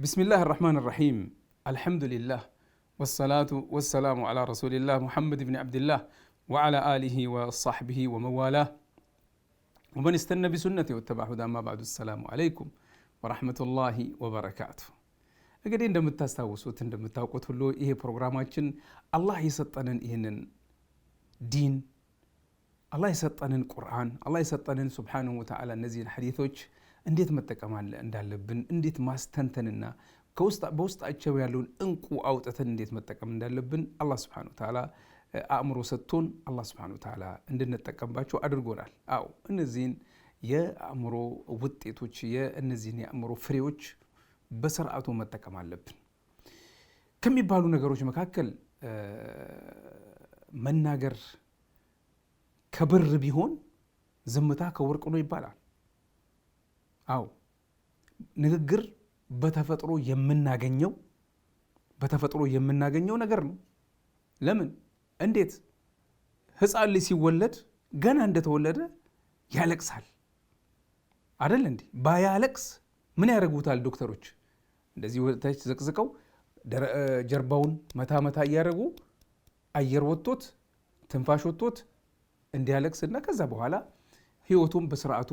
بسم الله الرحمن الرحيم الحمد لله والصلاة والسلام على رسول الله محمد بن عبد الله وعلى آله وصحبه وموالاه ومن استنى بسنته واتبع هدى ما بعد السلام عليكم ورحمة الله وبركاته እንግዲህ እንደምታስታውሱት እንደምታውቁት ሁሉ ይሄ ፕሮግራማችን አላህ የሰጠንን ይህንን ዲን አላህ የሰጠንን ቁርአን አላህ የሰጠንን ስብሓንሁ ወተዓላ እነዚህን ሐዲቶች እንዴት መጠቀም እንዳለብን እንዴት ማስተንተንና በውስጣቸው ያለውን እንቁ አውጥተን እንዴት መጠቀም እንዳለብን አላህ ስብሐነሁ ወተዓላ አእምሮ ሰጥቶን አላህ ስብሐነሁ ወተዓላ እንድንጠቀምባቸው አድርጎናል። አዎ እነዚህን የአእምሮ ውጤቶች የእነዚህን የአእምሮ ፍሬዎች በስርዓቱ መጠቀም አለብን ከሚባሉ ነገሮች መካከል መናገር ከብር ቢሆን ዝምታ ከወርቅ ነው ይባላል። አዎ ንግግር በተፈጥሮ የምናገኘው በተፈጥሮ የምናገኘው ነገር ነው። ለምን እንዴት ህፃን ልጅ ሲወለድ ገና እንደተወለደ ያለቅሳል አደል እንዴ? ባያለቅስ ምን ያደርጉታል ዶክተሮች? እንደዚህ ወደታች ዘቅዝቀው ጀርባውን መታ መታ እያደረጉ አየር ወጥቶት ትንፋሽ ወጥቶት እንዲያለቅስና ከዛ በኋላ ህይወቱን በስርዓቱ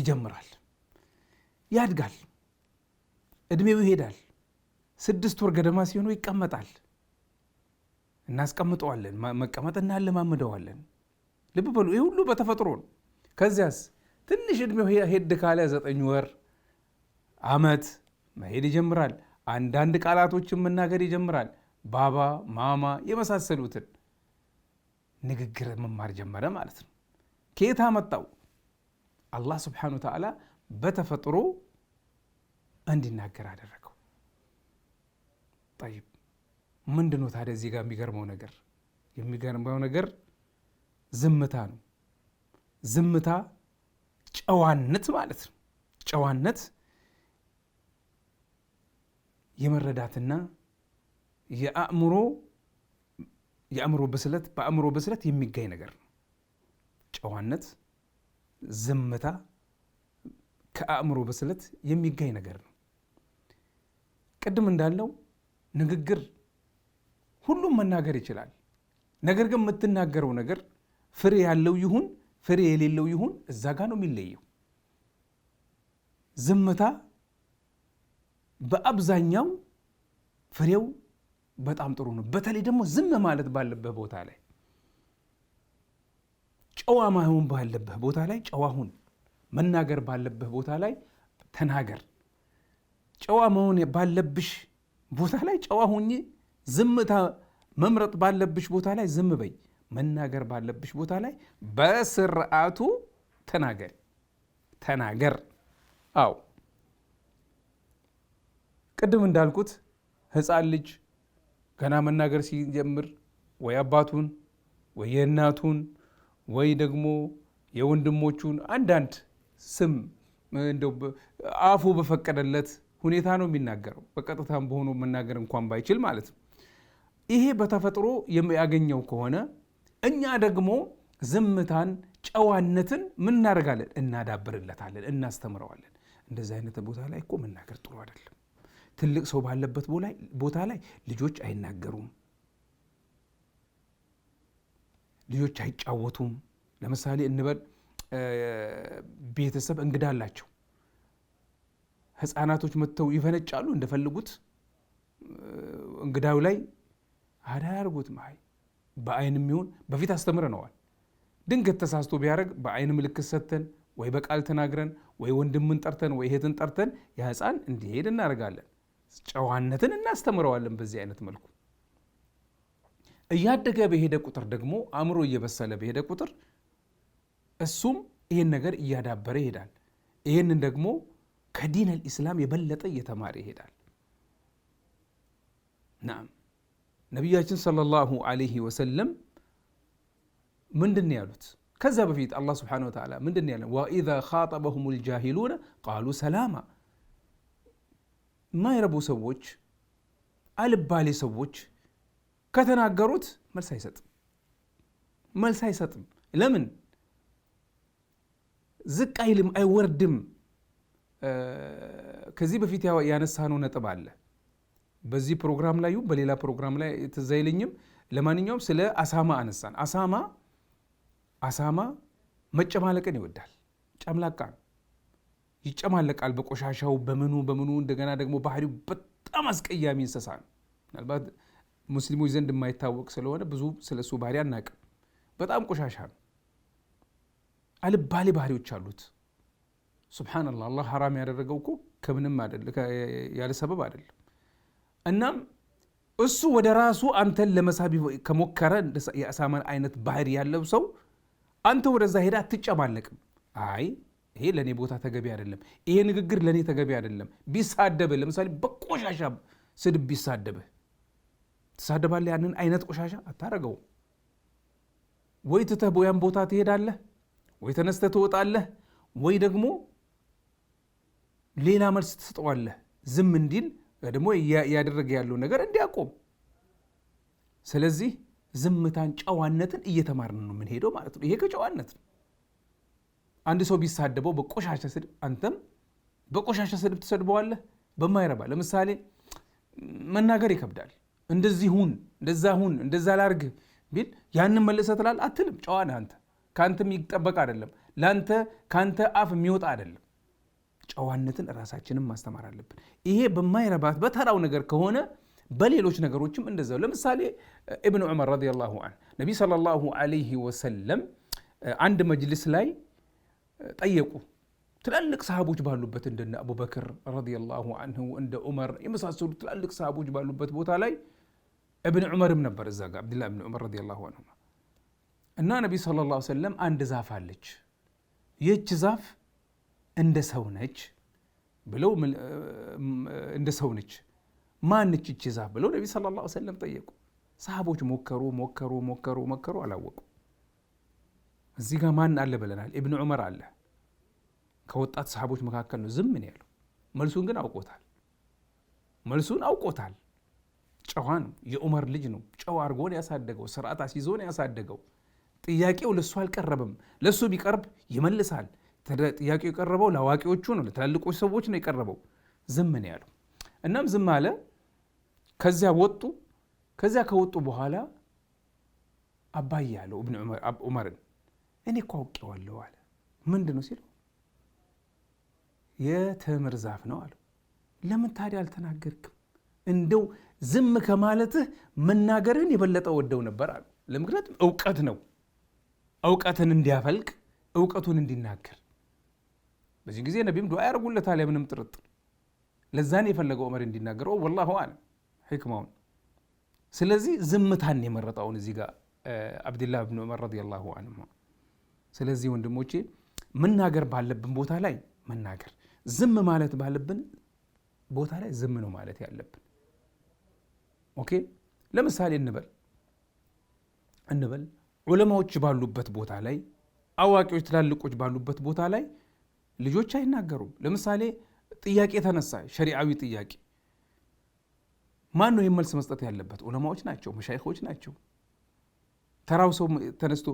ይጀምራል። ያድጋል፣ እድሜው ይሄዳል። ስድስት ወር ገደማ ሲሆኑ ይቀመጣል። እናስቀምጠዋለን፣ መቀመጥ እናለማምደዋለን። ልብ በሉ፣ ይህ ሁሉ በተፈጥሮ ነው። ከዚያስ ትንሽ እድሜው ሄድ ካለ ዘጠኝ ወር አመት መሄድ ይጀምራል። አንዳንድ ቃላቶችን መናገር ይጀምራል። ባባ ማማ የመሳሰሉትን ንግግር መማር ጀመረ ማለት ነው። ከየት አመጣው? አላህ ስብሓነሁ ወተዓላ በተፈጥሮ እንዲናገር አደረገው። ጠይብ ምንድን ነው ታዲያ እዚህ ጋር የሚገርመው ነገር? የሚገርመው ነገር ዝምታ ነው። ዝምታ ጨዋነት ማለት ነው። ጨዋነት የመረዳትና የአእምሮ የአእምሮ ብስለት በአእምሮ ብስለት የሚገኝ ነገር ነው። ጨዋነት ዝምታ ከአእምሮ በስለት የሚገኝ ነገር ነው። ቅድም እንዳለው ንግግር ሁሉም መናገር ይችላል። ነገር ግን የምትናገረው ነገር ፍሬ ያለው ይሁን ፍሬ የሌለው ይሁን እዛ ጋ ነው የሚለየው። ዝምታ በአብዛኛው ፍሬው በጣም ጥሩ ነው። በተለይ ደግሞ ዝም ማለት ባለበት ቦታ ላይ ጨዋ ማሆን ባለበት ቦታ ላይ ጨዋ ሁን። መናገር ባለብህ ቦታ ላይ ተናገር። ጨዋ መሆን ባለብሽ ቦታ ላይ ጨዋ ሁኝ ዝምታ መምረጥ ባለብሽ ቦታ ላይ ዝም በይ። መናገር ባለብሽ ቦታ ላይ በስርዓቱ ተናገር ተናገር። አዎ ቅድም እንዳልኩት ሕፃን ልጅ ገና መናገር ሲጀምር ወይ አባቱን ወይ የእናቱን ወይ ደግሞ የወንድሞቹን አንዳንድ ስም እንደው አፉ በፈቀደለት ሁኔታ ነው የሚናገረው። በቀጥታም በሆኖ መናገር እንኳን ባይችል ማለት ነው። ይሄ በተፈጥሮ ያገኘው ከሆነ እኛ ደግሞ ዝምታን፣ ጨዋነትን ምን እናደርጋለን? እናዳብርለታለን፣ እናስተምረዋለን። እንደዚህ አይነት ቦታ ላይ እኮ መናገር ጥሩ አይደለም። ትልቅ ሰው ባለበት ቦታ ላይ ልጆች አይናገሩም፣ ልጆች አይጫወቱም። ለምሳሌ እንበል ቤተሰብ እንግዳ አላቸው። ህፃናቶች መጥተው ይፈነጫሉ እንደፈልጉት እንግዳው ላይ አዳርጉት መሀይ በአይን የሚሆን በፊት አስተምረነዋል። ድንገት ተሳስቶ ቢያደርግ በአይን ምልክት ሰጥተን ወይ በቃል ተናግረን ወይ ወንድምን ጠርተን ወይ እህትን ጠርተን የህፃን እንዲሄድ እናደርጋለን። ጨዋነትን እናስተምረዋለን። በዚህ አይነት መልኩ እያደገ በሄደ ቁጥር ደግሞ አእምሮ እየበሰለ በሄደ ቁጥር እሱም ይህን ነገር እያዳበረ ይሄዳል። ይህንን ደግሞ ከዲን አልኢስላም የበለጠ እየተማረ ይሄዳል። ናም ነቢያችን ሰለላሁ አለይህ ወሰለም ምንድን ያሉት? ከዛ በፊት አላህ ስብሓነሁ ወተዓላ ምንድን ያለ ወኢዛ ኻጠበሁም ልጃሂሉነ ቃሉ ሰላማ። የማይረቡ ሰዎች አልባሌ ሰዎች ከተናገሩት መልስ አይሰጥም መልስ አይሰጥም። ለምን ዝቅ አይልም፣ አይወርድም። ከዚህ በፊት ያነሳነው ነጥብ አለ በዚህ ፕሮግራም ላይ በሌላ ፕሮግራም ላይ ትዝ አይለኝም። ለማንኛውም ስለ አሳማ አነሳን። አሳማ አሳማ መጨማለቅን ይወዳል። ጨምላቃ ይጨማለቃል፣ በቆሻሻው በምኑ በምኑ። እንደገና ደግሞ ባህሪው በጣም አስቀያሚ እንስሳ ነው። ምናልባት ሙስሊሞች ዘንድ የማይታወቅ ስለሆነ ብዙ ስለሱ ባህሪ አናቅም። በጣም ቆሻሻ ነው። አልባሌ ባህሪዎች አሉት። ሱብሓነላህ አላህ ሐራም ያደረገው እኮ ከምንም ያለ ሰበብ አይደለም። እናም እሱ ወደ ራሱ አንተን ለመሳብ ከሞከረ የአሳማን አይነት ባህሪ ያለው ሰው አንተ ወደዛ ሄዳ አትጨማለቅም። አይ ይሄ ለእኔ ቦታ ተገቢ አይደለም፣ ይሄ ንግግር ለእኔ ተገቢ አይደለም። ቢሳደብህ፣ ለምሳሌ በቆሻሻ ስድብ ቢሳደብህ ትሳደባለህ? ያንን አይነት ቆሻሻ አታረገውም ወይ ትተህ ቦያን ቦታ ትሄዳለህ ወይ ተነስተ ትወጣለህ፣ ወይ ደግሞ ሌላ መልስ ትሰጠዋለህ። ዝም እንዲል ደግሞ እያደረገ ያለው ነገር እንዲያቆም። ስለዚህ ዝምታን፣ ጨዋነትን እየተማርን ነው የምንሄደው ማለት ነው። ይሄ ከጨዋነት ነው። አንድ ሰው ቢሳደበው በቆሻሻ ስድብ አንተም በቆሻሻ ስድብ ትሰድበዋለህ። በማይረባ ለምሳሌ መናገር ይከብዳል። እንደዚህ ሁን፣ እንደዛ ሁን፣ እንደዛ ላርግ ቢል ያንን መልሰ ትላል አትልም። ጨዋነ አንተ። ከአንተ የሚጠበቅ አይደለም። ለአንተ ከአንተ አፍ የሚወጣ አይደለም። ጨዋነትን ራሳችንም ማስተማር አለብን። ይሄ በማይረባት በተራው ነገር ከሆነ በሌሎች ነገሮችም እንደዛው። ለምሳሌ እብን ዑመር ረዲየላሁ ዐንሁ ነቢይ ሰለላሁ ዐለይሂ ወሰለም አንድ መጅልስ ላይ ጠየቁ። ትላልቅ ሰሃቦች ባሉበት እንደነ አቡበክር ረዲየላሁ ዐንሁ እንደ ዑመር የመሳሰሉ ትላልቅ ሰሃቦች ባሉበት ቦታ ላይ እብን ዑመርም ነበር እዛ ጋር አብድላህ ብን ዑመር ረዲየላሁ ዐንሁ እና ነቢ ስለ ላ ሰለም አንድ ዛፍ አለች፣ ይህች ዛፍ እንደ ሰው ነች ብለው እንደ ሰው ነች ማንች ይቺ ዛፍ ብለው ነቢ ስለ ላ ሰለም ጠየቁ። ሰሃቦች ሞከሩ ሞከሩ ሞከሩ ሞከሩ አላወቁ። እዚህ ጋር ማን አለ ብለናል። እብን ዑመር አለ ከወጣት ሰሃቦች መካከል ነው ዝም ምን ያለው። መልሱን ግን አውቆታል። መልሱን አውቆታል። ጨዋ ነው። የዑመር ልጅ ነው። ጨዋ አድርጎን ያሳደገው ስርዓት አስይዞን ያሳደገው ጥያቄው ለእሱ አልቀረበም። ለእሱ ቢቀርብ ይመልሳል። ጥያቄው የቀረበው ለአዋቂዎቹ ነው፣ ለትላልቆች ሰዎች ነው የቀረበው። ዝም ነው ያለው። እናም ዝም አለ። ከዚያ ወጡ። ከዚያ ከወጡ በኋላ አባዬ አለው እብን ዑመርን፣ እኔ እኮ አውቄዋለሁ አለ። ምንድን ነው ሲለው የተምር ዛፍ ነው አለው። ለምን ታዲያ አልተናገርክም? እንደው ዝም ከማለትህ መናገርህን የበለጠ ወደው ነበር አለ። ለምክንያቱም እውቀት ነው። እውቀትን እንዲያፈልቅ እውቀቱን እንዲናገር በዚህ ጊዜ ነቢም ዱዓ ያደርጉለታል የምንም ጥርጥር ለዛን የፈለገው ዑመር እንዲናገር ወላሁ አለም ሕክማውን ስለዚህ ዝምታን የመረጠውን እዚህ ጋር አብድላህ ብን ዑመር ረዲየላሁ አንሁ ስለዚህ ወንድሞቼ መናገር ባለብን ቦታ ላይ መናገር ዝም ማለት ባለብን ቦታ ላይ ዝም ነው ማለት ያለብን ኦኬ ለምሳሌ እንበል እንበል ዑለማዎች ባሉበት ቦታ ላይ አዋቂዎች ትላልቆች ባሉበት ቦታ ላይ ልጆች አይናገሩም። ለምሳሌ ጥያቄ ተነሳ፣ ሸሪዓዊ ጥያቄ ማን ነው የመልስ መስጠት ያለበት? ዑለማዎች ናቸው፣ መሻይኮች ናቸው። ተራው ሰው ተነስቶ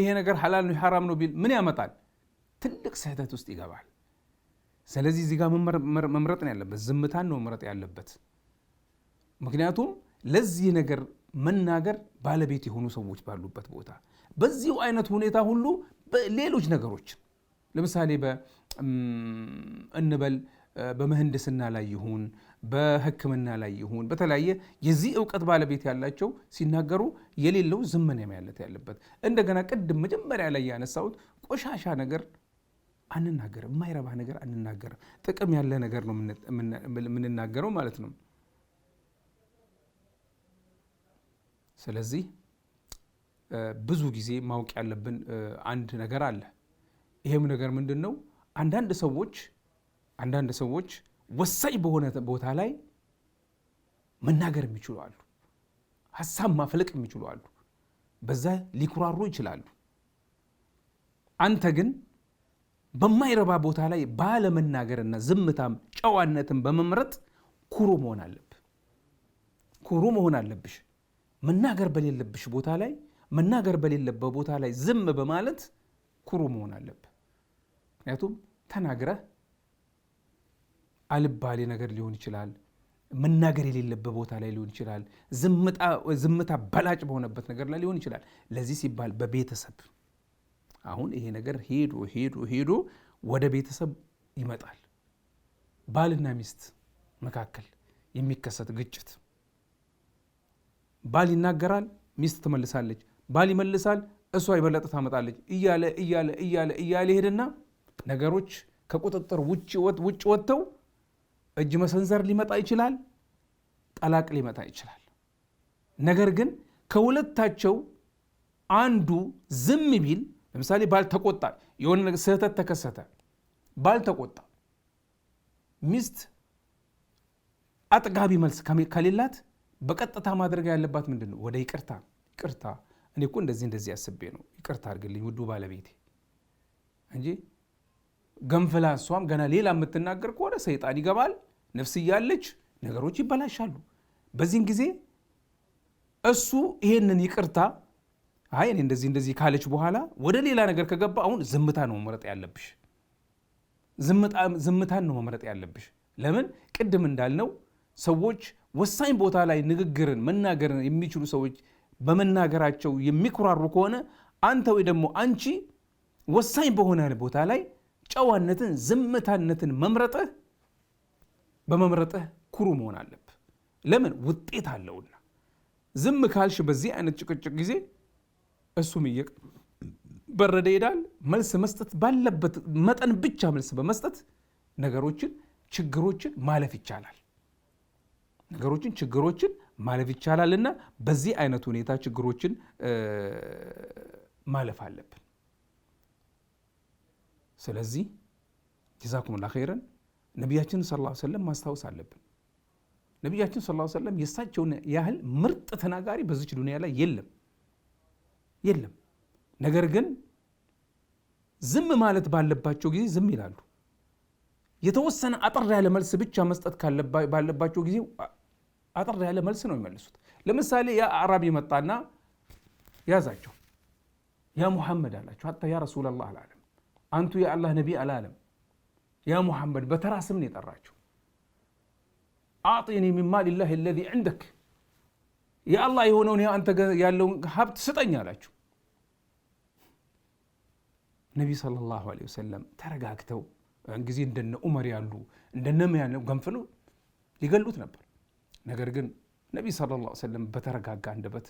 ይሄ ነገር ሐላል ነው ሐራም ነው ቢል ምን ያመጣል? ትልቅ ስህተት ውስጥ ይገባል። ስለዚህ እዚህ ጋር መምረጥ ነው ያለበት፣ ዝምታን ነው መምረጥ ያለበት። ምክንያቱም ለዚህ ነገር መናገር ባለቤት የሆኑ ሰዎች ባሉበት ቦታ በዚሁ አይነት ሁኔታ ሁሉ ሌሎች ነገሮች ለምሳሌ እንበል በምህንድስና ላይ ይሁን በሕክምና ላይ ይሁን በተለያየ የዚህ እውቀት ባለቤት ያላቸው ሲናገሩ የሌለው ዝምን ማለት ያለበት። እንደገና ቅድም መጀመሪያ ላይ ያነሳሁት ቆሻሻ ነገር አንናገርም፣ የማይረባ ነገር አንናገርም። ጥቅም ያለ ነገር ነው የምንናገረው ማለት ነው። ስለዚህ ብዙ ጊዜ ማወቅ ያለብን አንድ ነገር አለ። ይሄም ነገር ምንድን ነው? አንዳንድ ሰዎች አንዳንድ ሰዎች ወሳኝ በሆነ ቦታ ላይ መናገር የሚችሉ አሉ። ሀሳብ ማፍለቅ የሚችሉ አሉ። በዛ ሊኩራሩ ይችላሉ። አንተ ግን በማይረባ ቦታ ላይ ባለመናገርና ዝምታም ጨዋነትን በመምረጥ ኩሩ መሆን አለብህ። ኩሩ መሆን አለብሽ። መናገር በሌለብሽ ቦታ ላይ መናገር በሌለበት ቦታ ላይ ዝም በማለት ኩሩ መሆን አለብህ። ምክንያቱም ተናግረህ አልባሌ ነገር ሊሆን ይችላል። መናገር የሌለበት ቦታ ላይ ሊሆን ይችላል። ዝምታ በላጭ በሆነበት ነገር ላይ ሊሆን ይችላል። ለዚህ ሲባል በቤተሰብ አሁን ይሄ ነገር ሄዶ ሄዶ ሄዶ ወደ ቤተሰብ ይመጣል። ባልና ሚስት መካከል የሚከሰት ግጭት ባል ይናገራል፣ ሚስት ትመልሳለች፣ ባል ይመልሳል፣ እሷ የበለጠ ታመጣለች። እያለ እያለ እያለ እያለ ይሄድና ነገሮች ከቁጥጥር ውጭ ወጥተው እጅ መሰንዘር ሊመጣ ይችላል፣ ጠላቅ ሊመጣ ይችላል። ነገር ግን ከሁለታቸው አንዱ ዝም ቢል ለምሳሌ ባል ተቆጣ፣ የሆነ ስህተት ተከሰተ፣ ባል ተቆጣ፣ ሚስት አጥጋቢ መልስ ከሌላት በቀጥታ ማድረግ ያለባት ምንድን ነው? ወደ ይቅርታ ይቅርታ፣ እኔ እኮ እንደዚህ እንደዚህ አስቤ ነው፣ ይቅርታ አድርግልኝ ውዱ ባለቤቴ እንጂ ገንፍላ እሷም ገና ሌላ የምትናገር ከሆነ ሰይጣን ይገባል፣ ነፍስ እያለች ነገሮች ይበላሻሉ። በዚህን ጊዜ እሱ ይሄንን ይቅርታ አይ እኔ እንደዚህ እንደዚህ ካለች በኋላ ወደ ሌላ ነገር ከገባ አሁን ዝምታ ነው መምረጥ ያለብሽ። ዝምታን ነው መምረጥ ያለብሽ። ለምን ቅድም እንዳልነው ሰዎች ወሳኝ ቦታ ላይ ንግግርን መናገርን የሚችሉ ሰዎች በመናገራቸው የሚኩራሩ ከሆነ አንተ ወይ ደግሞ አንቺ ወሳኝ በሆነ ቦታ ላይ ጨዋነትን፣ ዝምታነትን መምረጥህ በመምረጥህ ኩሩ መሆን አለብ። ለምን ውጤት አለውና። ዝም ካልሽ በዚህ አይነት ጭቅጭቅ ጊዜ እሱም እየበረደ ይሄዳል። መልስ መስጠት ባለበት መጠን ብቻ መልስ በመስጠት ነገሮችን፣ ችግሮችን ማለፍ ይቻላል። ነገሮችን፣ ችግሮችን ማለፍ ይቻላል በዚህ አይነት ሁኔታ ችግሮችን ማለፍ አለብን። ስለዚህ ጀዛኩምላ ኸይረን ነቢያችን ሰለላሁ ዐለይሂ ወሰለም ማስታወስ አለብን። ነቢያችን ሰለላሁ ዐለይሂ ወሰለም የእሳቸውን ያህል ምርጥ ተናጋሪ በዚች ዱንያ ላይ የለም የለም። ነገር ግን ዝም ማለት ባለባቸው ጊዜ ዝም ይላሉ። የተወሰነ አጠር ያለ መልስ ብቻ መስጠት ባለባቸው ጊዜ አጠር ያለ መልስ ነው የሚመልሱት። ለምሳሌ ያ አዕራቢ መጣና ያዛቸው። ያ ሙሐመድ አላቸው። ሀታ ያ ረሱላላህ አላለም። አንቱ የአላህ ነቢይ አላለም። ያ ሙሐመድ በተራ ስም ነው የጠራቸው። አዕጢኒ ሚን ማል ላህ አለዚ ዕንደክ የአላህ የሆነውን አንተ ያለውን ሀብት ስጠኝ አላቸው። ነቢይ ሰለላሁ ዐለይሂ ወሰለም ተረጋግተው እንጊዜ እንደነ ዑመር ያሉ እንደነ ገንፍለው ሊገሉት ነበር። ነገር ግን ነቢ ሰለላሁ ዐለይሂ ወሰለም በተረጋጋ አንደበት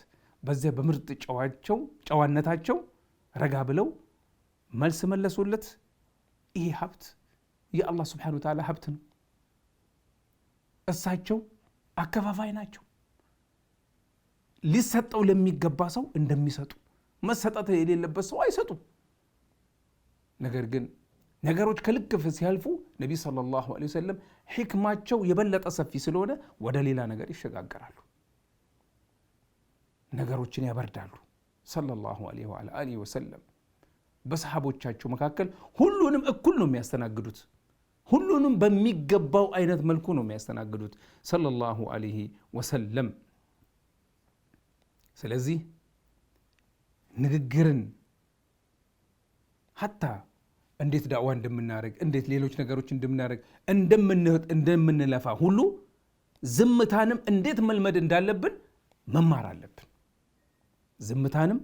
በዚያ በምርጥ ጨዋቸው ጨዋነታቸው ረጋ ብለው መልስ መለሱለት። ይሄ ሀብት የአላህ ስብሓነሁ ወተዓላ ሀብት ነው። እሳቸው አከፋፋይ ናቸው። ሊሰጠው ለሚገባ ሰው እንደሚሰጡ መሰጠት የሌለበት ሰው አይሰጡም። ነገር ግን ነገሮች ከልክ ሲያልፉ ነቢይ ሰለላሁ ዐለይሂ ወሰለም ሕክማቸው የበለጠ ሰፊ ስለሆነ ወደ ሌላ ነገር ይሸጋገራሉ፣ ነገሮችን ያበርዳሉ። ሰለላሁ ዐለይሂ ወሰለም በሰሃቦቻቸው መካከል ሁሉንም እኩል ነው የሚያስተናግዱት። ሁሉንም በሚገባው አይነት መልኩ ነው የሚያስተናግዱት ሰለላሁ ዐለይሂ ወሰለም። ስለዚህ ንግግርን ሀታ እንዴት ዳዋ እንደምናደርግ እንዴት ሌሎች ነገሮች እንደምናደርግ እንደምንህጥ እንደምንለፋ ሁሉ ዝምታንም እንዴት መልመድ እንዳለብን መማር አለብን። ዝምታንም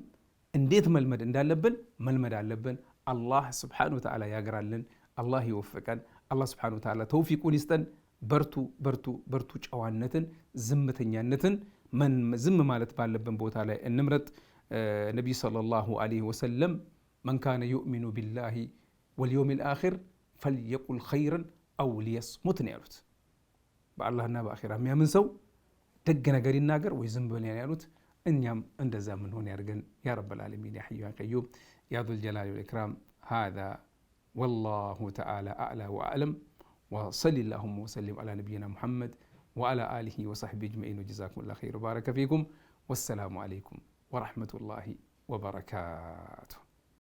እንዴት መልመድ እንዳለብን መልመድ አለብን። አላህ ስብሓነሁ ወተዓላ ያግራልን። አላህ ይወፍቀን። አላህ ስብሓነሁ ወተዓላ ተውፊቁን ይስጠን። በርቱ በርቱ በርቱ። ጨዋነትን፣ ዝምተኛነትን ዝም ማለት ባለብን ቦታ ላይ እንምረጥ። ነቢይ ሰለላሁ ዐለይሂ ወሰለም መን ካነ ዩእሚኑ ቢላሂ واليوم الآخر فليقل خيرا أو ليصمت نيالوت بالله نابا أخيرا ميا من سو تقنا قرين ناقر ويزنبل نيالوت إن يام اندزا من هون يرقن يا رب العالمين يا حي يا قيوم يا ذو الجلال والإكرام هذا والله تعالى أعلى وأعلم وصلي اللهم وسلم على نبينا محمد وعلى آله وصحبه أجمعين وجزاكم الله خير وبارك فيكم والسلام عليكم ورحمة الله وبركاته